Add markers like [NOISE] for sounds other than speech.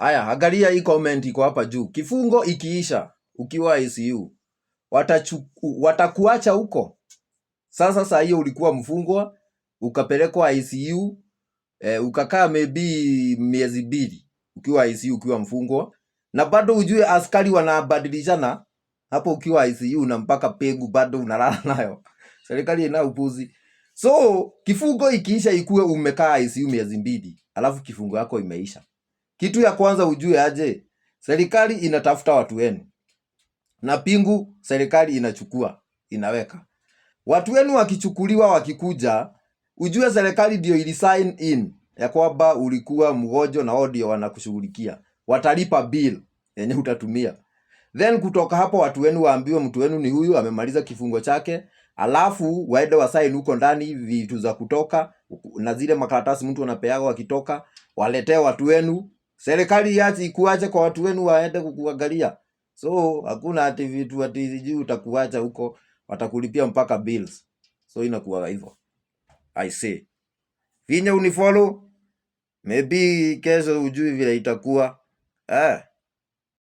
Haya, angalia hii comment iko hapa juu. Kifungo ikiisha ukiwa ICU watachuku, watakuacha huko sasa. Saa hiyo ulikuwa mfungwa ukapelekwa ICU e, eh, ukakaa maybe miezi mbili ukiwa ICU ukiwa mfungwa, na bado ujue askari wanabadilishana hapo ukiwa ICU na mpaka pegu bado unalala [LAUGHS] nayo. Serikali ina upuzi. So kifungo ikiisha, ikuwe umekaa ICU miezi mbili, alafu kifungo yako imeisha. Kitu ya kwanza ujue aje, serikali inatafuta watu wenu, na pingu serikali inachukua inaweka. Watu wenu wakichukuliwa, wakikuja, ujue serikali ndio ilisign in ya kwamba ulikuwa mgonjwa, na audio wanakushughulikia. Watalipa bill yenye utatumia, then kutoka hapo watu wenu waambiwe, mtu wenu ni huyu amemaliza kifungo chake, alafu waende wa sign huko ndani vitu za kutoka na zile makaratasi mtu anapeaga wakitoka, waletee watu wenu serikali yati ikuache kwa watu wenu waende kukuangalia. So hakuna ati vitu ati juu utakuacha huko, watakulipia mpaka bills. So inakuwa hivyo. I see vinya unifollow, maybe kesho ujui vile itakuwa eh.